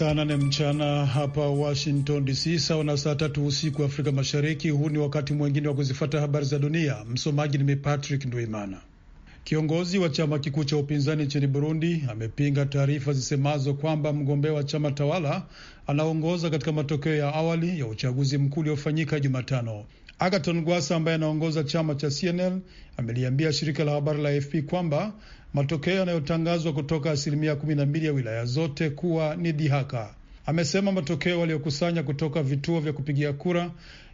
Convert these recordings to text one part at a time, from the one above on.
Saa nane mchana hapa Washington DC, sawa na saa tatu usiku Afrika Mashariki. Huu ni wakati mwengine wa kuzifata habari za dunia. Msomaji ni mimi Patrick Ndwimana. Kiongozi wa chama kikuu cha upinzani nchini Burundi amepinga taarifa zisemazo kwamba mgombea wa chama tawala anaongoza katika matokeo ya awali ya uchaguzi mkuu uliofanyika Jumatano. Agaton Gwasa ambaye anaongoza chama cha CNL ameliambia shirika la habari la AFP kwamba matokeo yanayotangazwa kutoka asilimia kumi na mbili ya wilaya zote kuwa ni dhihaka. Amesema matokeo waliokusanya kutoka vituo vya kupigia kura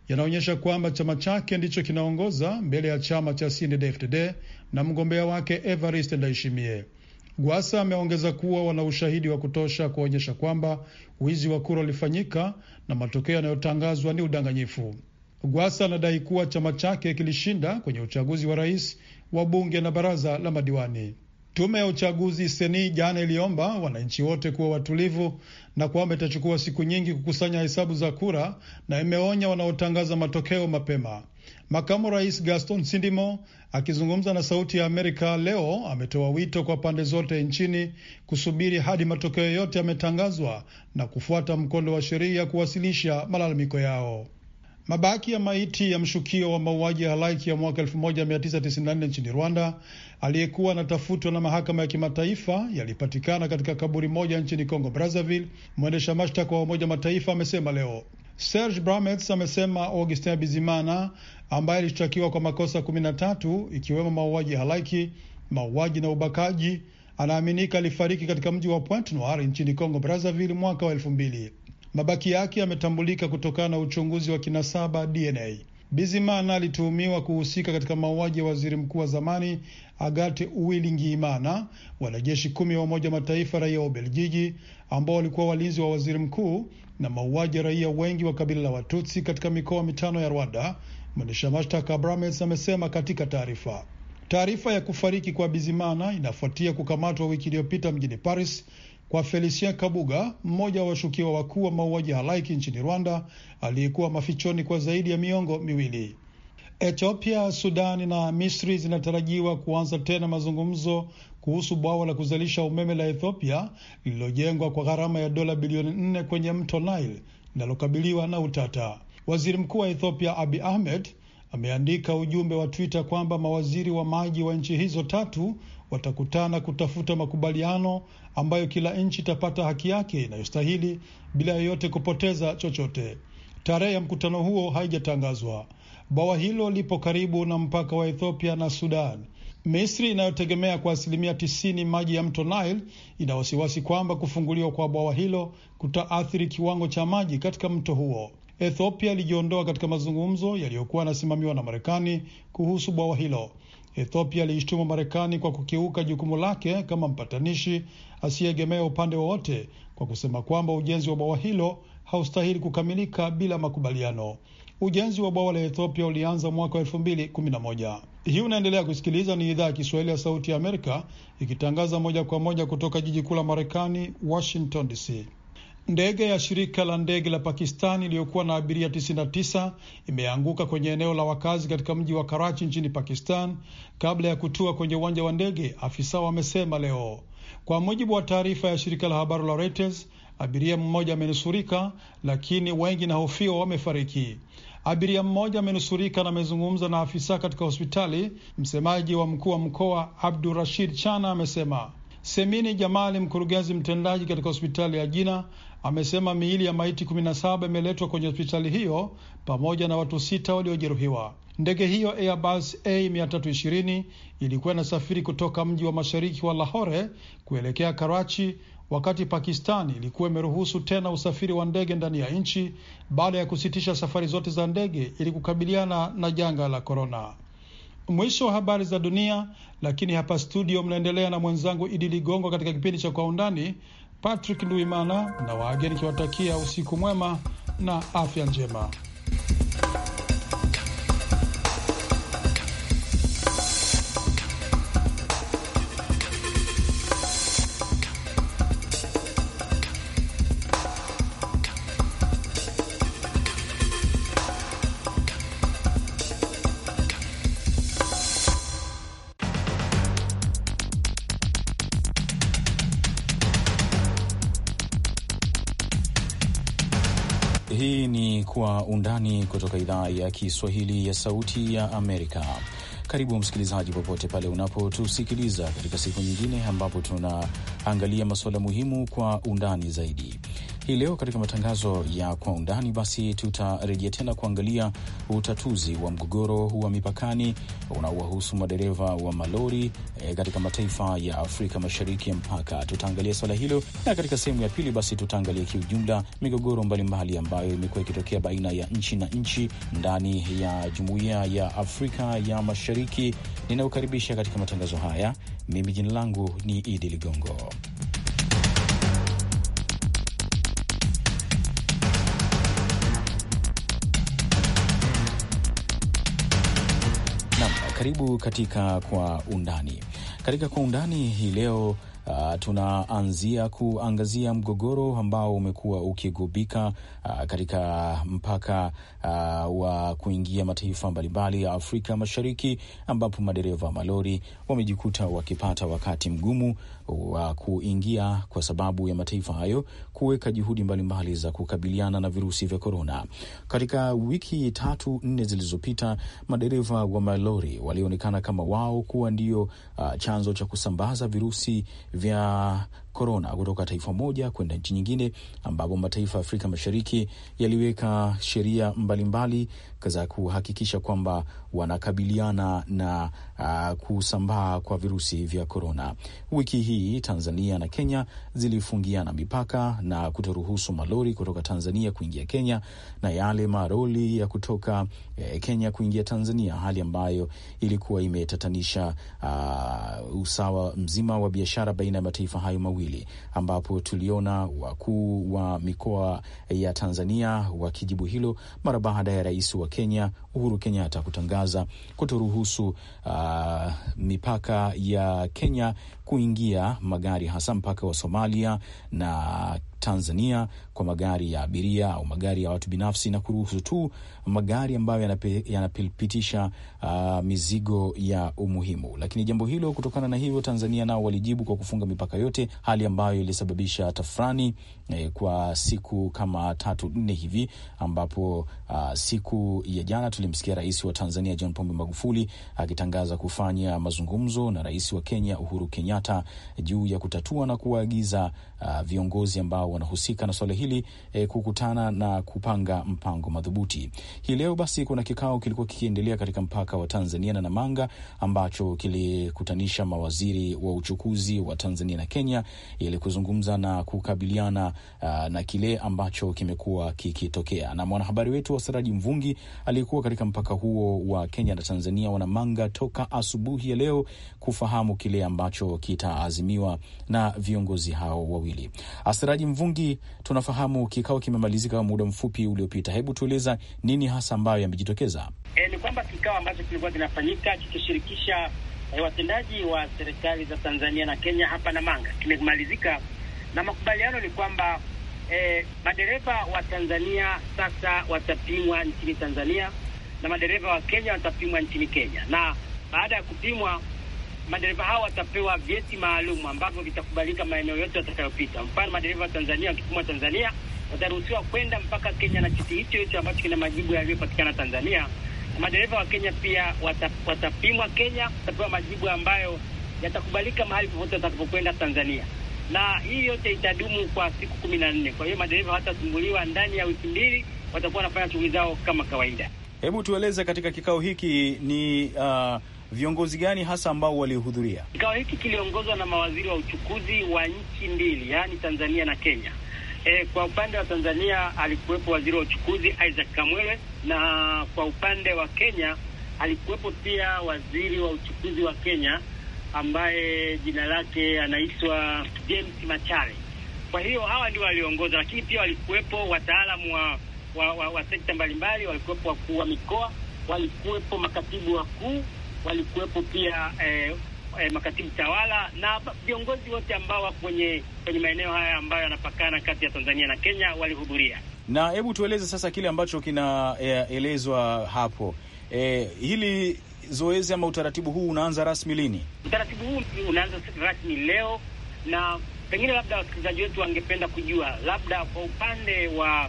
yanaonyesha kwamba chama chake ndicho kinaongoza mbele ya chama cha CNDD-FDD na mgombea wake evarist Ndayishimiye. Gwasa ameongeza kuwa wana ushahidi wa kutosha kuonyesha kwamba wizi wa kura ulifanyika na matokeo yanayotangazwa ni udanganyifu. Gwasa anadai kuwa chama chake kilishinda kwenye uchaguzi wa rais, wa bunge na baraza la madiwani. Tume ya uchaguzi seni jana iliomba wananchi wote kuwa watulivu na kwamba itachukua siku nyingi kukusanya hesabu za kura na imeonya wanaotangaza matokeo mapema. Makamu Rais Gaston Sindimo akizungumza na Sauti ya Amerika leo ametoa wito kwa pande zote nchini kusubiri hadi matokeo yote yametangazwa na kufuata mkondo wa sheria kuwasilisha malalamiko yao. Mabaki ya maiti ya mshukio wa mauaji ya halaiki ya mwaka 1994 nchini Rwanda aliyekuwa anatafutwa na mahakama ya kimataifa yalipatikana katika kaburi moja nchini Kongo Brazzaville, mwendesha mashtaka wa Umoja Mataifa amesema leo. Serge Bramets amesema Augustin Bizimana ambaye alishtakiwa kwa makosa 13 ikiwemo mauaji ya halaiki, mauaji na ubakaji, anaaminika alifariki katika mji wa Pointe Noire nchini Kongo Brazzaville mwaka wa elfu mbili. Mabaki yake yametambulika kutokana na uchunguzi wa kinasaba DNA. Bizimana alituhumiwa kuhusika katika mauaji ya waziri mkuu wa zamani Agathe Uwili Ngiimana, wanajeshi kumi wa Umoja Mataifa raia wa Ubeljiji ambao walikuwa walinzi wa waziri mkuu na mauaji ya raia wengi wa kabila la Watutsi katika mikoa mitano ya Rwanda, mwendesha mashtaka Bramels amesema katika taarifa. Taarifa ya kufariki kwa Bizimana inafuatia kukamatwa wiki iliyopita mjini Paris kwa Felicien Kabuga, mmoja wa washukiwa wakuu wa mauaji halaiki nchini Rwanda aliyekuwa mafichoni kwa zaidi ya miongo miwili. Ethiopia, Sudani na Misri zinatarajiwa kuanza tena mazungumzo kuhusu bwawa la kuzalisha umeme la Ethiopia lililojengwa kwa gharama ya dola bilioni nne kwenye mto Nile linalokabiliwa na utata. Waziri Mkuu wa Ethiopia Abi Ahmed ameandika ujumbe wa Twitter kwamba mawaziri wa maji wa nchi hizo tatu watakutana kutafuta makubaliano ambayo kila nchi itapata haki yake inayostahili bila yoyote kupoteza chochote. Tarehe ya mkutano huo haijatangazwa. Bwawa hilo lipo karibu na mpaka wa Ethiopia na Sudan. Misri inayotegemea kwa asilimia tisini maji ya mto Nile ina wasiwasi kwamba kufunguliwa kwa bwawa hilo kutaathiri kiwango cha maji katika mto huo. Ethiopia ilijiondoa katika mazungumzo yaliyokuwa yanasimamiwa na Marekani kuhusu bwawa hilo. Ethiopia iliishtuma Marekani kwa kukiuka jukumu lake kama mpatanishi asiyeegemea upande wowote kwa kusema kwamba ujenzi wa bwawa hilo haustahili kukamilika bila makubaliano. Ujenzi wa bwawa la Ethiopia ulianza mwaka wa elfu mbili kumi na moja. Hii unaendelea kusikiliza, ni idhaa ya Kiswahili ya Sauti ya Amerika ikitangaza moja kwa moja kutoka jiji kuu la Marekani, Washington DC. Ndege ya shirika la ndege la Pakistan iliyokuwa na abiria 99 imeanguka kwenye eneo la wakazi katika mji wa Karachi nchini Pakistan kabla ya kutua kwenye uwanja wa ndege, afisa wamesema leo. Kwa mujibu wa taarifa ya shirika la habari la Reuters, abiria mmoja amenusurika, lakini wengi na hofiwa wamefariki. Abiria mmoja amenusurika na amezungumza na afisa katika hospitali. Msemaji wa mkuu wa mkoa Abdurashid Chana amesema. Semini Jamali, mkurugenzi mtendaji katika hospitali ya Jina, amesema miili ya maiti 17 imeletwa kwenye hospitali hiyo pamoja na watu sita waliojeruhiwa. Ndege hiyo Airbus A320 ilikuwa inasafiri kutoka mji wa mashariki wa Lahore kuelekea Karachi wakati Pakistani ilikuwa imeruhusu tena usafiri wa ndege ndani ya nchi baada ya kusitisha safari zote za ndege ili kukabiliana na janga la korona. Mwisho wa habari za dunia, lakini hapa studio mnaendelea na mwenzangu Idi Ligongo katika kipindi cha Kwa Undani Patrick Nduimana na waageni kiwatakia usiku mwema na afya njema. Undani kutoka idhaa ya Kiswahili ya Sauti ya Amerika. Karibu msikilizaji, popote pale unapotusikiliza katika siku nyingine ambapo tunaangalia masuala muhimu kwa undani zaidi. Hii leo katika matangazo ya kwa undani, basi tutarejea tena kuangalia utatuzi wa mgogoro wa mipakani unaowahusu madereva wa malori e, katika mataifa ya Afrika Mashariki ya mpaka. Tutaangalia swala hilo, na katika sehemu ya pili basi tutaangalia kiujumla migogoro mbalimbali ambayo imekuwa ikitokea baina ya nchi na nchi ndani ya jumuiya ya Afrika ya Mashariki. Ninayokaribisha katika matangazo haya, mimi jina langu ni Idi Ligongo. Karibu katika Kwa Undani. Katika Kwa Undani hii leo Uh, tunaanzia kuangazia mgogoro ambao umekuwa ukigubika uh, katika mpaka uh, wa kuingia mataifa mbalimbali ya Afrika Mashariki ambapo madereva malori wamejikuta wakipata wakati mgumu wa kuingia kwa sababu ya mataifa hayo kuweka juhudi mbalimbali za kukabiliana na virusi vya korona. Katika wiki tatu nne zilizopita, madereva wa malori walionekana kama wao kuwa ndio uh, chanzo cha kusambaza virusi vya korona kutoka taifa moja kwenda nchi nyingine, ambapo mataifa ya Afrika Mashariki yaliweka sheria mbalimbali za kuhakikisha kwamba wanakabiliana na uh, kusambaa kwa virusi vya korona. Wiki hii Tanzania na Kenya zilifungiana mipaka na kutoruhusu malori kutoka Tanzania kuingia Kenya na yale maroli ya kutoka eh, Kenya kuingia Tanzania, hali ambayo ilikuwa imetatanisha uh, usawa mzima wa biashara baina ya mataifa hayo mawili miwili ambapo tuliona wakuu wa mikoa ya Tanzania wakijibu hilo mara baada ya rais wa Kenya Uhuru Kenyatta kutangaza kutoruhusu uh, mipaka ya Kenya kuingia magari hasa mpaka wa Somalia na Tanzania kwa magari ya abiria au magari ya watu binafsi na kuruhusu tu magari ambayo yanapitisha uh, ah, mizigo ya umuhimu. Lakini jambo hilo, kutokana na hivyo, Tanzania nao walijibu kwa kufunga mipaka yote, hali ambayo ilisababisha tafrani eh, kwa siku kama tatu nne hivi, ambapo uh, siku ya jana tulimsikia Rais wa Tanzania John Pombe Magufuli akitangaza uh, kufanya mazungumzo na Rais wa Kenya Uhuru Kenyatta juu ya kutatua na kuwaagiza uh, viongozi ambao wanahusika na swala hili eh, kukutana na kupanga mpango madhubuti. Hii leo basi kuna kikao kilikuwa kikiendelea katika mpaka wa Tanzania na Namanga ambacho kilikutanisha mawaziri wa uchukuzi wa Tanzania na Kenya ili kuzungumza na kukabiliana uh, na kile ambacho kimekuwa kikitokea. Na mwanahabari wetu wa Saraji Mvungi aliyekuwa katika mpaka huo wa Kenya na Tanzania wa Namanga toka asubuhi ya leo kufahamu kile ambacho kitaazimiwa na viongozi hao wa wawili. Asiraji Mvungi, tunafahamu kikao kimemalizika muda mfupi uliopita, hebu tueleza nini hasa ambayo yamejitokeza? E, ni kwamba kikao ambacho kilikuwa kinafanyika kikishirikisha e, watendaji wa serikali za Tanzania na Kenya hapa Namanga kimemalizika na makubaliano ni kwamba e, madereva wa Tanzania sasa watapimwa nchini Tanzania na madereva wa Kenya watapimwa nchini Kenya na baada ya kupimwa madereva hao watapewa vyeti maalum ambavyo vitakubalika maeneo yote watakayopita. Mfano, madereva wa Tanzania wakitumwa Tanzania wataruhusiwa kwenda mpaka Kenya na cheti hicho hicho ambacho kina majibu yaliyopatikana Tanzania. Madereva wa Kenya pia watapimwa Kenya, watapewa majibu ambayo yatakubalika mahali popote watakapokwenda Tanzania, na hii yote itadumu kwa siku kumi na nne. Kwa hiyo madereva hawatasumbuliwa, ndani ya wiki mbili watakuwa wanafanya shughuli zao kama kawaida. Hebu tueleze katika kikao hiki ni uh, viongozi gani hasa ambao walihudhuria kikao hiki? Kiliongozwa na mawaziri wa uchukuzi wa nchi mbili, yaani Tanzania na Kenya. E, kwa upande wa Tanzania alikuwepo waziri wa uchukuzi Isaac Kamwele, na kwa upande wa Kenya alikuwepo pia waziri wa uchukuzi wa Kenya ambaye jina lake anaitwa James Machare. Kwa hiyo hawa ndio waliongoza, lakini pia walikuwepo wataalamu wa, wa, wa, wa sekta mbalimbali, walikuwepo wakuu wa mikoa, walikuwepo makatibu wakuu walikuwepo pia eh, eh, makatibu tawala na viongozi wote ambao kwenye kwenye maeneo haya ambayo yanapakana kati ya Tanzania na Kenya walihudhuria. Na hebu tueleze sasa kile ambacho kinaelezwa hapo eh, hili zoezi ama utaratibu huu unaanza rasmi lini? Utaratibu huu unaanza rasmi leo, na pengine labda wasikilizaji wetu wangependa kujua labda kwa upande wa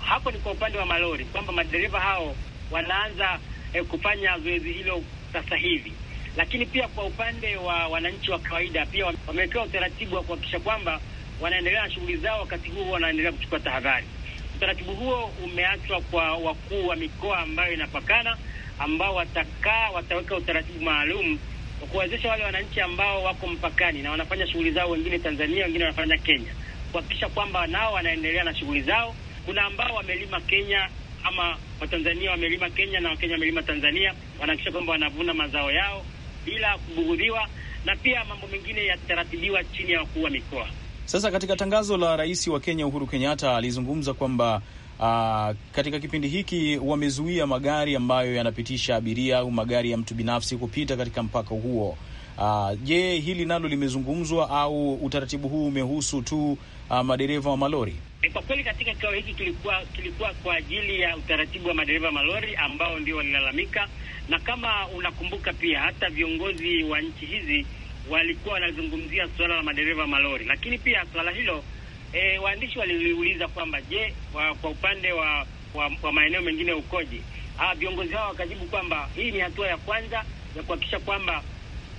hapo ni kwa upande wa malori kwamba madereva hao wanaanza eh, kufanya zoezi hilo sasa hivi. Lakini pia kwa upande wa wananchi wa kawaida pia wamewekewa utaratibu wa kuhakikisha kwamba wanaendelea na shughuli zao, wakati huo wanaendelea kuchukua tahadhari. Utaratibu huo umeachwa kwa wakuu wa mikoa ambayo inapakana, ambao watakaa, wataweka utaratibu maalum wa kuwawezesha wale wananchi ambao wako mpakani na wanafanya shughuli zao, wengine Tanzania, wengine wanafanya Kenya, kuhakikisha kwamba nao wanaendelea na shughuli zao. Kuna ambao wamelima Kenya ama Watanzania wamelima Kenya na Wakenya wamelima Tanzania, wanahakikisha kwamba wanavuna mazao yao bila kubughudhiwa, na pia mambo mengine yataratibiwa chini ya wakuu wa mikoa. Sasa katika tangazo la rais wa Kenya Uhuru Kenyatta alizungumza kwamba Uh, katika kipindi hiki wamezuia magari ambayo yanapitisha abiria au magari ya mtu binafsi kupita katika mpaka huo. Uh, je, hili nalo limezungumzwa au utaratibu huu umehusu tu uh, madereva wa malori? E, kwa kweli katika kikao hiki kilikuwa kilikuwa kwa ajili ya utaratibu wa madereva malori ambao ndio walilalamika, na kama unakumbuka pia hata viongozi wa nchi hizi walikuwa wanazungumzia suala la madereva malori, lakini pia suala hilo e, waandishi waliliuliza kwamba je, wa, kwa upande wa, wa, wa maeneo mengine ukoje? Ah, viongozi hao wakajibu kwamba hii ni hatua ya kwanza ya kuhakikisha kwamba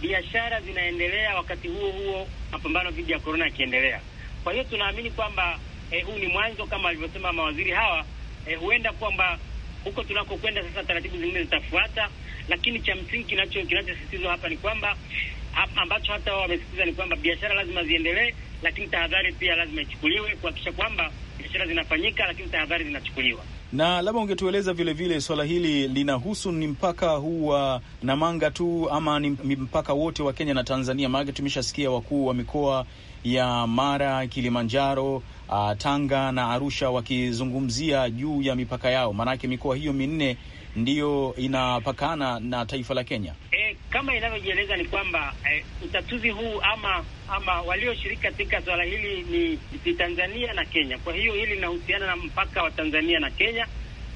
biashara zinaendelea, wakati huo huo mapambano dhidi ya korona yakiendelea. Kwa hiyo tunaamini kwamba eh, huu ni mwanzo kama alivyosema mawaziri hawa eh, huenda kwamba huko tunakokwenda sasa taratibu zingine zitafuata, lakini cha msingi kinacho kinachosisitizwa hapa ni kwamba ambacho hata wao wamesisitiza ni kwamba biashara lazima ziendelee, lakini tahadhari pia lazima ichukuliwe kuhakikisha kwamba biashara zinafanyika, lakini tahadhari zinachukuliwa. Na labda ungetueleza vile vile swala hili linahusu ni mpaka huu wa Namanga tu ama ni mpaka wote wa Kenya na Tanzania? Maanake tumeshasikia wakuu wa mikoa ya Mara, Kilimanjaro, uh, Tanga na Arusha wakizungumzia juu ya mipaka yao, maanake mikoa hiyo minne ndiyo inapakana na taifa la Kenya. E, kama inavyojieleza ni kwamba e, utatuzi huu ama ama walioshiriki katika swala hili ni, ni Tanzania na Kenya. Kwa hiyo hili linahusiana na mpaka wa Tanzania na Kenya,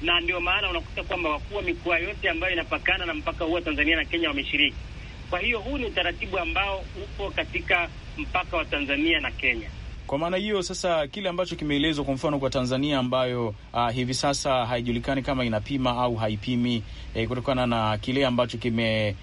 na ndio maana unakuta kwamba wakuu wa mikoa yote ambayo inapakana na mpaka huu wa Tanzania na Kenya wameshiriki. Kwa hiyo huu ni utaratibu ambao upo katika mpaka wa Tanzania na Kenya. Kwa maana hiyo sasa, kile ambacho kimeelezwa kwa mfano kwa Tanzania ambayo uh, hivi sasa haijulikani kama inapima au haipimi eh, kutokana na kile ambacho kimeelezwa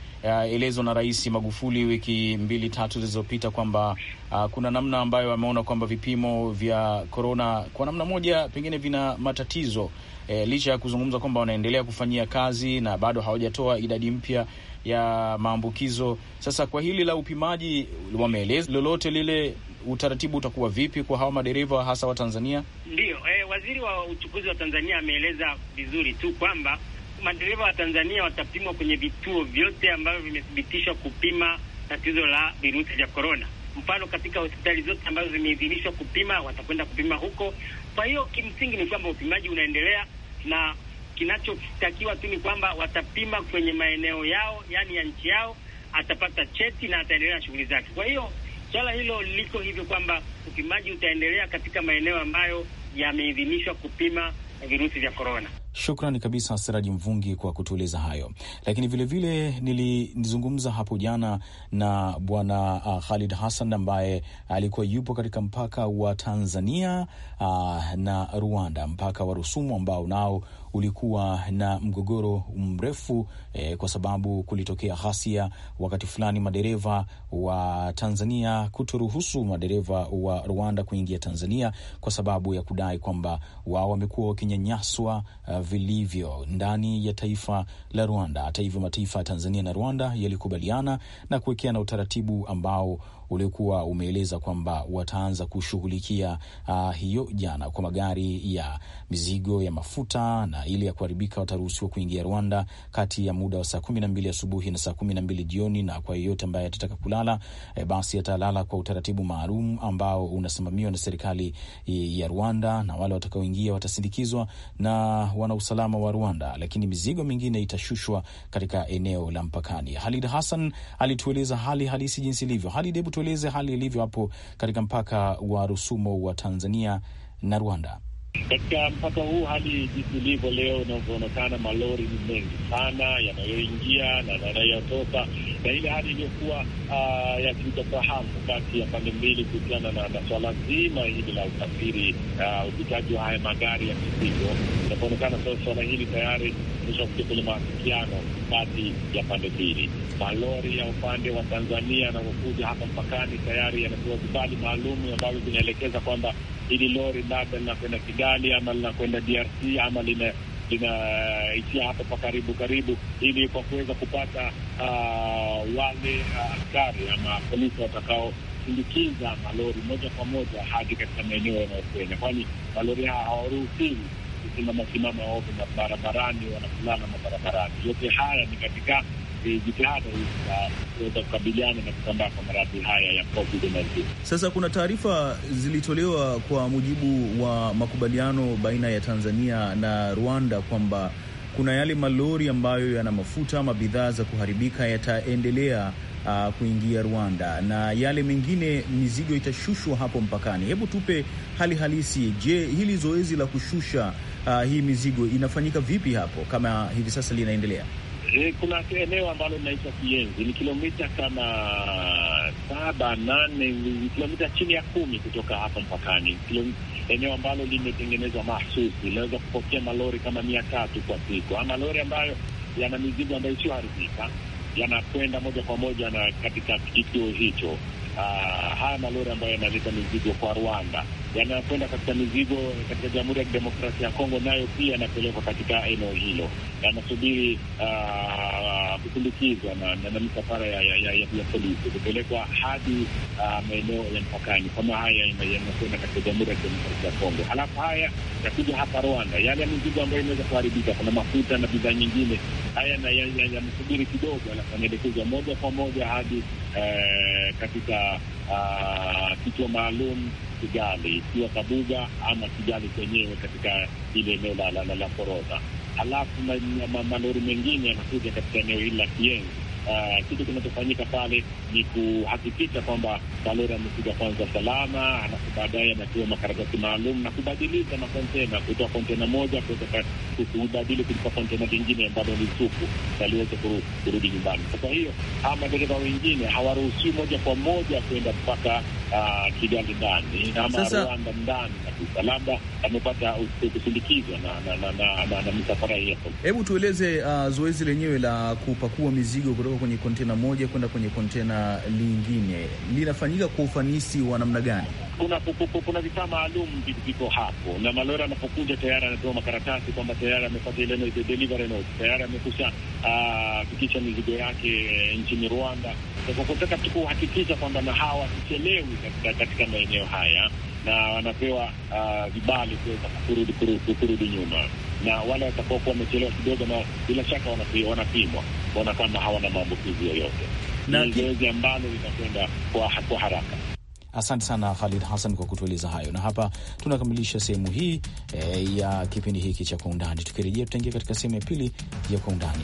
ah, uh, na Rais Magufuli wiki mbili tatu zilizopita kwamba uh, kuna namna ambayo ameona kwamba vipimo vya korona kwa namna moja pengine vina matatizo eh, licha ya kuzungumza kwamba wanaendelea kufanyia kazi na bado hawajatoa idadi mpya ya maambukizo. Sasa kwa hili la upimaji, wameeleza lolote lile, utaratibu utakuwa vipi kwa hawa madereva hasa wa Tanzania? ndio eh, waziri wa uchukuzi wa Tanzania ameeleza vizuri tu kwamba madereva wa Tanzania watapimwa kwenye vituo vyote ambavyo vimethibitishwa kupima tatizo la virusi vya korona. Mfano, katika hospitali zote ambazo zimeidhinishwa kupima watakwenda kupima huko. Kwa hiyo kimsingi ni kwamba upimaji unaendelea na kinachotakiwa tu ni kwamba watapima kwenye maeneo yao, yani ya nchi yao, atapata cheti na ataendelea na shughuli zake. Kwa hiyo swala hilo liko hivyo kwamba upimaji utaendelea katika maeneo ambayo yameidhinishwa kupima virusi vya korona. Shukrani kabisa Seraji Mvungi kwa kutueleza hayo. Lakini vilevile nilizungumza hapo jana na bwana uh, Khalid Hassan ambaye alikuwa yupo katika mpaka wa Tanzania uh, na Rwanda, mpaka wa Rusumo ambao nao ulikuwa na mgogoro mrefu e, kwa sababu kulitokea ghasia wakati fulani, madereva wa Tanzania kutoruhusu madereva wa Rwanda kuingia Tanzania kwa sababu ya kudai kwamba wao wamekuwa wakinyanyaswa uh, vilivyo ndani ya taifa la Rwanda. Hata hivyo, mataifa ya Tanzania na Rwanda yalikubaliana na kuwekeana utaratibu ambao uliokuwa umeeleza kwamba wataanza kushughulikia uh, hiyo jana kwa magari ya mizigo ya mafuta na ile ya kuharibika wataruhusiwa kuingia Rwanda kati ya muda wa saa kumi na mbili asubuhi na saa kumi na mbili jioni, na kwa yeyote ambaye atataka kulala e, basi atalala kwa utaratibu maalum ambao unasimamiwa na serikali eh, ya Rwanda, na wale watakaoingia watasindikizwa na wanausalama wa Rwanda, lakini mizigo mingine itashushwa katika eneo la mpakani. Halid Hassan alitueleza hali halisi jinsi ilivyo. Halid, hebu tueleze hali ilivyo hapo katika mpaka wa Rusumo wa Tanzania na Rwanda. Katika mpaka huu hali jinsi ilivyo leo inavyoonekana, malori ni mengi sana yanayoingia na yanayotoka, na ile hali iliyokuwa uh, ya kati ya pande mbili kuhusiana na swala zima hili la usafiri, ah, upitaji wa haya magari ya mizigo. Inavyoonekana sasa, swala hili tayari imeshafikia kwenye maafikiano kati ya pande mbili. Malori ya upande wa Tanzania yanapokuja hapa mpakani, tayari yanapewa vibali maalum ambavyo vinaelekeza kwamba ili lori labda linakwenda Kigali ama linakwenda DRC ama lina linaitia hapa pa karibu karibu, ili kwa kuweza kupata uh, wale ah, askari uh, ama polisi watakaosindikiza malori moja kwa moja hadi katika maeneo yanayokwenda, kwani malori haya hawaruhusiwi kusimama simama ovyo na barabarani, wanakulala mabarabarani. Yote haya ni katika jitihada hizi za kuweza kukabiliana na kusambaa kwa maradhi haya ya COVID-19. Sasa kuna taarifa zilitolewa kwa mujibu wa makubaliano baina ya Tanzania na Rwanda kwamba kuna yale malori ambayo yana mafuta ama bidhaa za kuharibika yataendelea uh, kuingia Rwanda na yale mengine mizigo itashushwa hapo mpakani. Hebu tupe hali halisi. Je, hili zoezi la kushusha uh, hii mizigo inafanyika vipi hapo kama hivi sasa linaendelea? E, kuna eneo ambalo linaitwa Kienzi ni kilomita kama saba nane, kilomita chini ya kumi kutoka hapa mpakani. Eneo ambalo limetengenezwa mahsusi, linaweza kupokea malori kama mia tatu kwa siku, ama malori ambayo yana mizigo ambayo isiyoharibika, yanakwenda moja kwa moja na katika kituo hicho. Aa, ah, haya malori ambayo yanaleta mizigo kwa Rwanda yanayokwenda katika mizigo katika Jamhuri ya Kidemokrasia ya Kongo nayo pia yanapelekwa katika eneo hilo, yanasubiri ah, kusindikizwa na misafara ya polisi kupelekwa hadi ah, maeneo ya mpakani. Kama haya yanakwenda katika Jamhuri ya Kidemokrasia ya Kongo, halafu haya yakuja hapa Rwanda, yale mizigo ambayo inaweza kuharibika, kuna mafuta na bidhaa nyingine, haya yanasubiri kidogo, alafu yanaelekezwa moja kwa moja hadi eh, katika uh, kituo maalum Kigali, ikiwa Kabuga ama Kigali kwenyewe katika ile eneo la Forodha, halafu malori mengine yanakuja katika eneo hili la Kienzi. Eh, kitu kinachofanyika pale ni kuhakikisha kwamba Balora amefika kwanza salama, alafu baadaye anatiwa makaratasi maalum na kubadilisha makontena kutoa kontena moja kubadili kutoka kontena lingine ambalo ni suku aliweze kurudi nyumbani. Kwa hiyo hawa madereva wengine hawaruhusiwi moja kwa moja kwenda mpaka ah, Kigali ndani ama Rwanda ndani kabisa, labda amepata kusindikizwa na, na, na, na, na, na misafara hiyo. Hebu tueleze uh, zoezi lenyewe la kupakua mizigo kutoka kwenye kontena moja kwenda kwenye kontena lingine linafanyika kwa ufanisi wa namna gani? Kuna, kuna vifaa maalum viko hapo, na malori anapokuja tayari anapewa makaratasi kwamba tayari amepata ile delivery note, tayari amekusha fikisha mizigo yake nchini Rwanda, kwa kutaka tu kuhakikisha kwamba na hawa sichelewi katika maeneo haya na wanapewa ah, vibali uh, kuweza kurudi kurudi nyuma, na wale watakaokuwa wamechelewa kidogo, na bila shaka wanapimwa kuona kama hawana maambukizi yoyote. Ni zoezi ambalo linakwenda kwa, kwa haraka. Asante sana Khalid Hassan kwa kutueleza hayo, na hapa tunakamilisha sehemu hii e, ya kipindi hiki cha Kwa Undani. Tukirejea tutaingia katika sehemu ya pili ya Kwa Undani.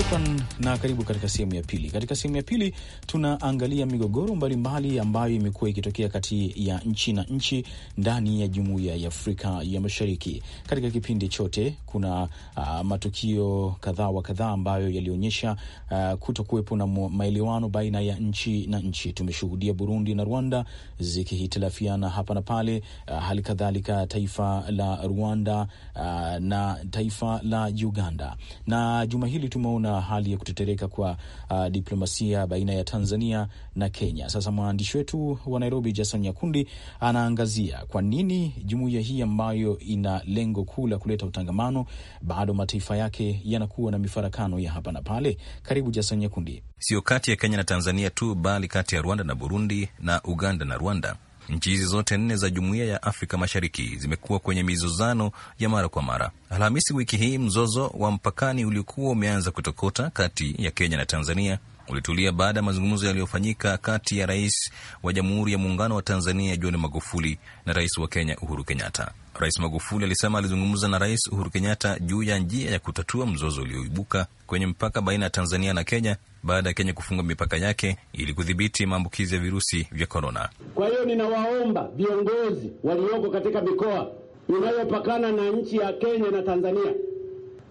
Shukran na karibu katika sehemu ya pili. Katika sehemu ya pili tunaangalia migogoro mbalimbali ambayo imekuwa ikitokea kati ya nchi na nchi ndani ya jumuiya ya Afrika ya Mashariki. Katika kipindi chote kuna uh, matukio kadhaa wa kadhaa ambayo yalionyesha uh, ah, kuwepo na maelewano baina ya nchi na nchi. Tumeshuhudia Burundi na Rwanda zikihitilafiana hapa na pale, uh, hali kadhalika taifa la Rwanda uh, na taifa la Uganda, na juma hili tumeona na hali ya kutetereka kwa uh, diplomasia baina ya Tanzania na Kenya. Sasa mwandishi wetu wa Nairobi, Jason Nyakundi, anaangazia kwa nini jumuiya hii ambayo ina lengo kuu la kuleta utangamano bado mataifa yake yanakuwa na mifarakano ya hapa na pale. Karibu Jason Nyakundi. Sio kati ya Kenya na Tanzania tu, bali kati ya Rwanda na Burundi na Uganda na Rwanda. Nchi hizi zote nne za Jumuiya ya Afrika Mashariki zimekuwa kwenye mizozano ya mara kwa mara. Alhamisi wiki hii, mzozo wa mpakani uliokuwa umeanza kutokota kati ya Kenya na Tanzania ulitulia baada ya mazungumzo yaliyofanyika kati ya rais wa Jamhuri ya Muungano wa Tanzania John Magufuli na rais wa Kenya Uhuru Kenyatta. Rais Magufuli alisema alizungumza na Rais Uhuru Kenyatta juu ya njia ya kutatua mzozo ulioibuka kwenye mpaka baina ya Tanzania na Kenya baada ya Kenya kufunga mipaka yake ili kudhibiti maambukizi ya virusi vya korona. Kwa hiyo ninawaomba viongozi walioko katika mikoa inayopakana na nchi ya Kenya na Tanzania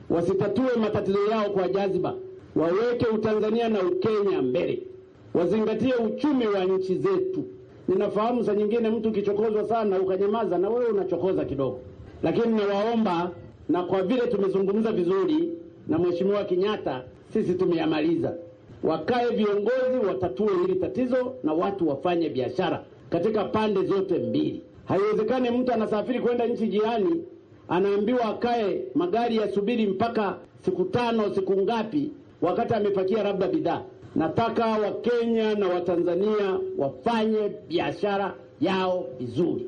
wasitatue matatizo yao kwa jaziba waweke Utanzania na Ukenya mbele, wazingatie uchumi wa nchi zetu. Ninafahamu saa nyingine mtu ukichokozwa sana ukanyamaza, na wewe unachokoza kidogo, lakini nawaomba, na kwa vile tumezungumza vizuri na Mheshimiwa Kenyatta, sisi tumeyamaliza. Wakae viongozi watatue hili tatizo na watu wafanye biashara katika pande zote mbili. Haiwezekani mtu anasafiri kwenda nchi jirani, anaambiwa akae, magari yasubiri mpaka siku tano, siku ngapi, wakati amepakia labda bidhaa. Nataka Wakenya na Watanzania wafanye biashara yao vizuri.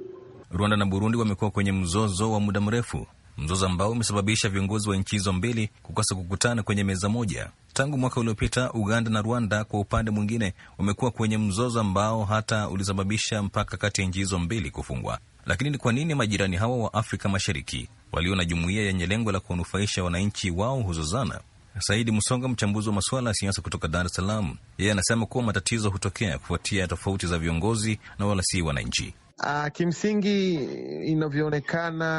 Rwanda na Burundi wamekuwa kwenye mzozo wa muda mrefu, mzozo ambao umesababisha viongozi wa nchi hizo mbili kukosa kukutana kwenye meza moja tangu mwaka uliopita. Uganda na Rwanda kwa upande mwingine wamekuwa kwenye mzozo ambao hata ulisababisha mpaka kati ya nchi hizo mbili kufungwa. Lakini ni kwa nini majirani hawa wa Afrika Mashariki walio na jumuiya yenye lengo la kuwanufaisha wananchi wao huzozana? Saidi Msonga, mchambuzi wa masuala ya siasa kutoka Dar es Salaam, yeye anasema kuwa matatizo hutokea kufuatia tofauti za viongozi na wala si wananchi. Uh, kimsingi inavyoonekana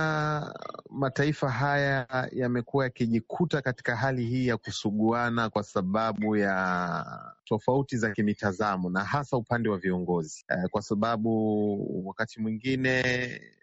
mataifa haya yamekuwa yakijikuta katika hali hii ya kusuguana kwa sababu ya tofauti za kimitazamo na hasa upande wa viongozi, uh, kwa sababu wakati mwingine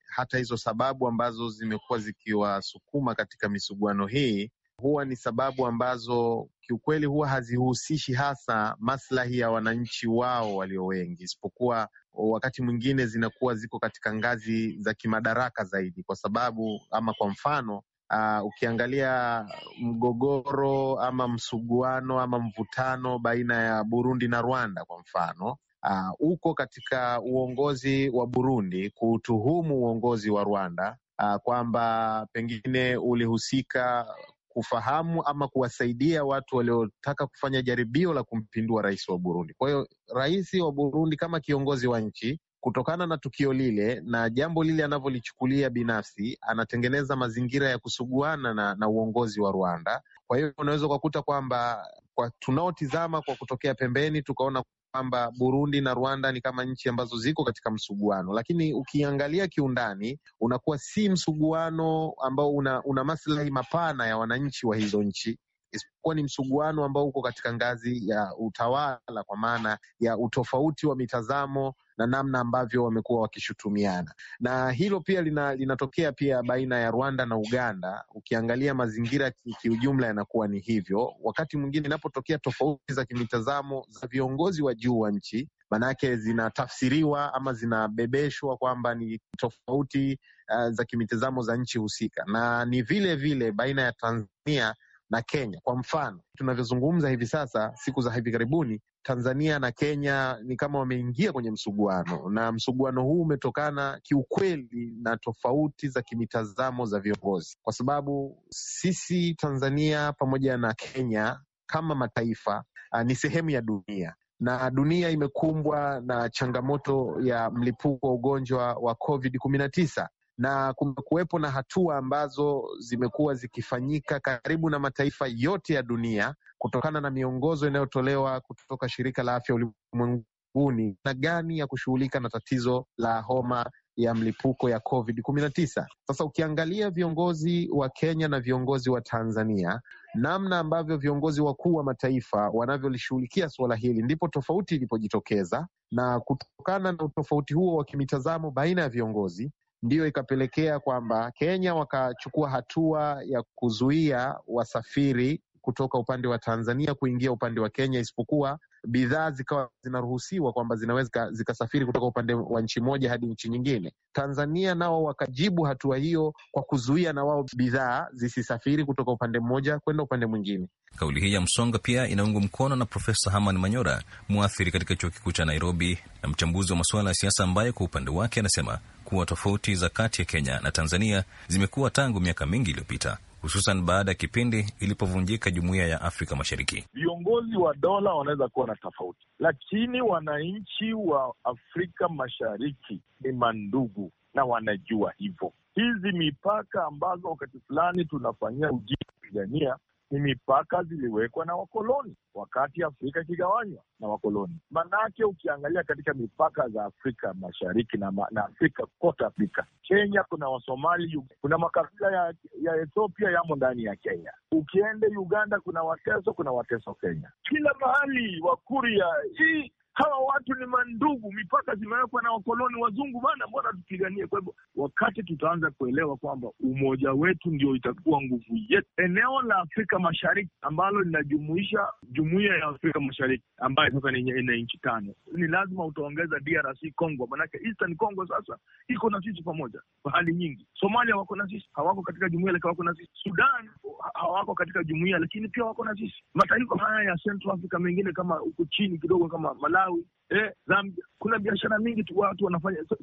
hata hizo sababu ambazo zimekuwa zikiwasukuma katika misuguano hii huwa ni sababu ambazo kiukweli huwa hazihusishi hasa maslahi ya wananchi wao walio wengi, isipokuwa wakati mwingine zinakuwa ziko katika ngazi za kimadaraka zaidi, kwa sababu ama kwa mfano Uh, ukiangalia mgogoro ama msuguano ama mvutano baina ya Burundi na Rwanda kwa mfano, uh, uko katika uongozi wa Burundi kutuhumu uongozi wa Rwanda uh, kwamba pengine ulihusika kufahamu ama kuwasaidia watu waliotaka kufanya jaribio la kumpindua rais wa Burundi. Kwa hiyo rais wa Burundi kama kiongozi wa nchi kutokana na tukio lile na jambo lile anavyolichukulia binafsi, anatengeneza mazingira ya kusuguana na, na uongozi wa Rwanda. Kwa hiyo unaweza ukakuta kwamba kwa tunaotizama kwa kutokea pembeni tukaona kwamba Burundi na Rwanda ni kama nchi ambazo ziko katika msuguano, lakini ukiangalia kiundani unakuwa si msuguano ambao una, una maslahi mapana ya wananchi wa hizo nchi isipokuwa ni msuguano ambao uko katika ngazi ya utawala, kwa maana ya utofauti wa mitazamo na namna ambavyo wamekuwa wakishutumiana, na hilo pia lina, linatokea pia baina ya Rwanda na Uganda. Ukiangalia mazingira kiujumla yanakuwa ni hivyo. Wakati mwingine inapotokea tofauti za kimitazamo za viongozi wa juu wa nchi maanake zinatafsiriwa ama zinabebeshwa kwamba ni tofauti uh, za kimitazamo za nchi husika, na ni vile vile baina ya Tanzania na Kenya. Kwa mfano tunavyozungumza hivi sasa, siku za hivi karibuni Tanzania na Kenya ni kama wameingia kwenye msuguano, na msuguano huu umetokana kiukweli na tofauti za kimitazamo za viongozi, kwa sababu sisi Tanzania pamoja na Kenya kama mataifa ah, ni sehemu ya dunia na dunia imekumbwa na changamoto ya mlipuko wa ugonjwa wa COVID kumi na tisa na kumekuwepo na hatua ambazo zimekuwa zikifanyika karibu na mataifa yote ya dunia kutokana na miongozo inayotolewa kutoka shirika la afya ulimwenguni na gani ya kushughulika na tatizo la homa ya mlipuko ya Covid kumi na tisa. Sasa ukiangalia viongozi wa Kenya na viongozi wa Tanzania, namna ambavyo viongozi wakuu wa mataifa wanavyolishughulikia suala hili, ndipo tofauti ilipojitokeza, na kutokana na utofauti huo wa kimitazamo baina ya viongozi ndiyo ikapelekea kwamba Kenya wakachukua hatua ya kuzuia wasafiri kutoka upande wa Tanzania kuingia upande wa Kenya, isipokuwa bidhaa zikawa zinaruhusiwa kwamba zinaweza zikasafiri kutoka upande wa nchi moja hadi nchi nyingine. Tanzania nao wakajibu hatua hiyo kwa kuzuia na wao bidhaa zisisafiri kutoka upande mmoja kwenda upande mwingine. Kauli hii ya Msonga pia inaungwa mkono na Profesa Haman Manyora, mwathiri katika chuo kikuu cha Nairobi na mchambuzi wa masuala ya siasa, ambaye kwa upande wake anasema kuwa tofauti za kati ya Kenya na Tanzania zimekuwa tangu miaka mingi iliyopita hususan baada ya kipindi ilipovunjika jumuiya ya Afrika Mashariki. Viongozi wa dola wanaweza kuwa na tofauti, lakini wananchi wa Afrika Mashariki ni mandugu na wanajua hivyo. Hizi mipaka ambazo wakati fulani tunafanyia ujia kupigania ni mipaka ziliwekwa na wakoloni wakati Afrika ikigawanywa na wakoloni. Manake ukiangalia katika mipaka za Afrika Mashariki na, ma, na Afrika kote Afrika, Kenya kuna Wasomali, kuna makabila ya, ya Ethiopia yamo ndani ya Kenya. ukienda Uganda kuna Wateso, kuna Wateso Kenya, kila mahali Wakuria hii hawa watu ni mandugu, mipaka zimewekwa na wakoloni wazungu bana, mbona tupiganie? Kwa hivyo wakati tutaanza kuelewa kwamba umoja wetu ndio itakuwa nguvu yetu. Eneo la Afrika Mashariki ambalo linajumuisha jumuiya ya Afrika Mashariki ambayo sasa ina nchi tano, ni lazima utaongeza DRC Congo, manake Eastern Congo sasa iko na sisi pamoja hali nyingi. Somalia wako na sisi, hawako katika jumuiya lakini wako na sisi. Sudan hawako katika jumuiya lakini pia wako na sisi. Mataifa haya ya Central Africa mengine kama huku chini kidogo kama Malawi Malawi eh, Zambia. Kuna biashara mingi tu watu wanafanya. So,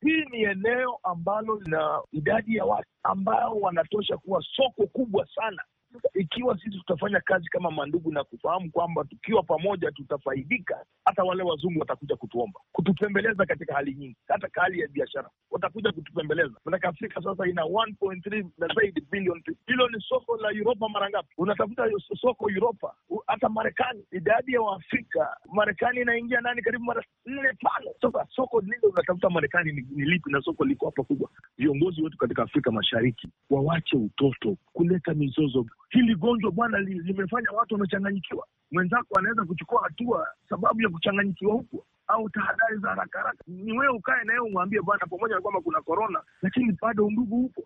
hii ni eneo ambalo lina idadi ya watu ambao wanatosha kuwa soko kubwa sana ikiwa sisi tutafanya kazi kama mandugu na kufahamu kwamba tukiwa pamoja tutafaidika, hata wale wazungu watakuja kutuomba kututembeleza katika hali nyingi, hata hali ya biashara watakuja kututembeleza. Manake Afrika sasa ina 1.3 na zaidi bilioni. Hilo ni soko la Uropa mara ngapi? Unatafuta soko Uropa, hata Marekani. Idadi ya Waafrika Marekani inaingia ndani karibu mara nne tano. Sasa soko lile unatafuta Marekani ni lipi, na soko liko hapa kubwa. Viongozi wetu katika Afrika Mashariki wawache utoto kuleta mizozo. Hili gonjwa bwana limefanya watu wamechanganyikiwa. Mwenzako anaweza kuchukua hatua sababu ya kuchanganyikiwa huko au tahadhari za haraka haraka. Ni wewe ukae na yeye umwambie, bwana, pamoja na kwamba kuna korona, lakini bado undugu huko,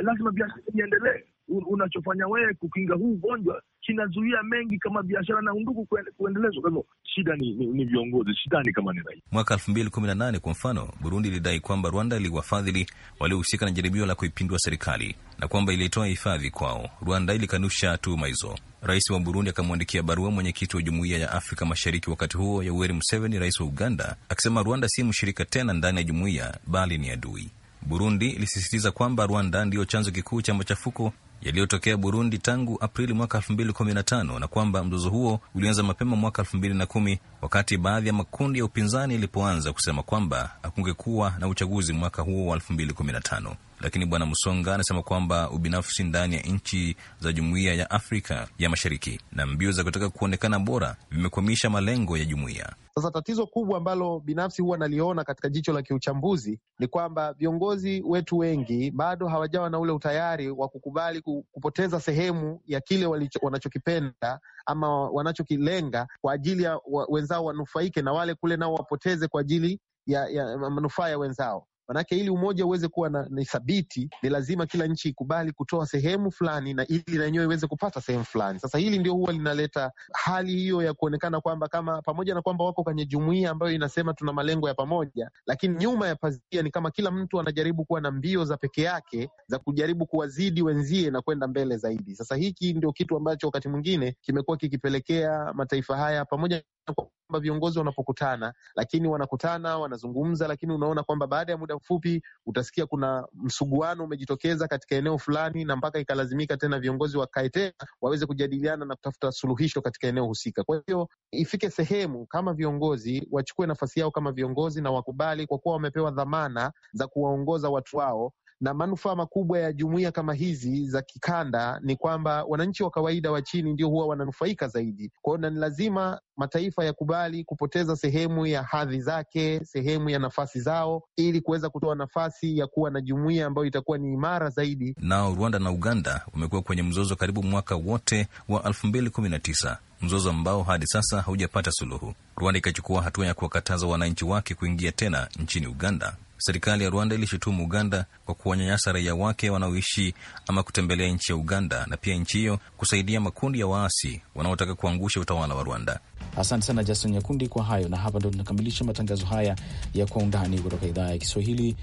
lazima biashara iendelee. Unachofanya wewe kukinga huu ugonjwa kinazuia mengi kama biashara na undugu kuendelezwa. Kwa hivyo shida ni, ni, ni viongozi, shida ni kama ni Mwaka elfu mbili kumi na nane kwa mfano, Burundi ilidai kwamba Rwanda iliwafadhili waliohusika na jaribio la kuipindua serikali na kwamba ilitoa hifadhi kwao. Rwanda ilikanusha tuhuma hizo. Rais wa Burundi akamwandikia barua mwenyekiti wa Jumuiya ya Afrika Mashariki wakati huo, Yoweri Museveni, rais wa Uganda, akisema Rwanda si mshirika tena ndani ya jumuiya bali ni adui. Burundi ilisisitiza kwamba Rwanda ndiyo chanzo kikuu cha machafuko yaliyotokea Burundi tangu Aprili mwaka 2015 na kwamba mzozo huo ulianza mapema mwaka 2010 wakati baadhi ya makundi ya upinzani yalipoanza kusema kwamba hakungekuwa na uchaguzi mwaka huo wa 2015. Lakini Bwana Musonga anasema kwamba ubinafsi ndani ya nchi za Jumuiya ya Afrika ya Mashariki na mbio za kutaka kuonekana bora vimekwamisha malengo ya jumuiya. Sasa tatizo kubwa ambalo binafsi huwa naliona katika jicho la kiuchambuzi ni kwamba viongozi wetu wengi bado hawajawa na ule utayari wa kukubali kupoteza sehemu ya kile walicho, wanachokipenda ama wanachokilenga kwa ajili ya wenzao wanufaike na wale kule nao wapoteze kwa ajili ya, ya manufaa ya wenzao. Manake ili umoja uweze kuwa na, ni thabiti ni lazima kila nchi ikubali kutoa sehemu fulani, na ili na yenyewe iweze kupata sehemu fulani. Sasa hili ndio huwa linaleta hali hiyo ya kuonekana kwamba kama pamoja na kwamba wako kwenye jumuia ambayo inasema tuna malengo ya pamoja, lakini nyuma ya pazia ni kama kila mtu anajaribu kuwa na mbio za peke yake za kujaribu kuwazidi wenzie na kwenda mbele zaidi. Sasa hiki ndio kitu ambacho wakati mwingine kimekuwa kikipelekea mataifa haya pamoja kwamba viongozi wanapokutana, lakini wanakutana wanazungumza, lakini unaona kwamba baada ya muda mfupi utasikia kuna msuguano umejitokeza katika eneo fulani, na mpaka ikalazimika tena viongozi wakae tena waweze kujadiliana na kutafuta suluhisho katika eneo husika. Kwa hiyo ifike sehemu kama viongozi wachukue nafasi yao kama viongozi na wakubali, kwa kuwa wamepewa dhamana za kuwaongoza watu wao na manufaa makubwa ya jumuiya kama hizi za kikanda ni kwamba wananchi wa kawaida wa chini ndio huwa wananufaika zaidi. Kwa hiyo, na ni lazima mataifa yakubali kupoteza sehemu ya hadhi zake, sehemu ya nafasi zao, ili kuweza kutoa nafasi ya kuwa na jumuiya ambayo itakuwa ni imara zaidi. Nao Rwanda na Uganda wamekuwa kwenye mzozo karibu mwaka wote wa elfu mbili kumi na tisa mzozo ambao hadi sasa haujapata suluhu. Rwanda ikachukua hatua ya kuwakataza wananchi wake kuingia tena nchini Uganda Serikali ya Rwanda ilishutumu Uganda kwa kuwanyanyasa raia wake wanaoishi ama kutembelea nchi ya Uganda na pia nchi hiyo kusaidia makundi ya waasi wanaotaka kuangusha utawala wa Rwanda. Asante sana Jason Nyakundi kwa hayo, na hapa ndo tunakamilisha matangazo haya ya Kwa Undani kutoka idhaa ya Kiswahili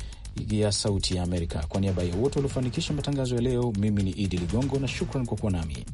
ya Sauti ya Amerika. Kwa niaba ya wote waliofanikisha matangazo ya leo, mimi ni Idi Ligongo na shukran kwa kuwa nami.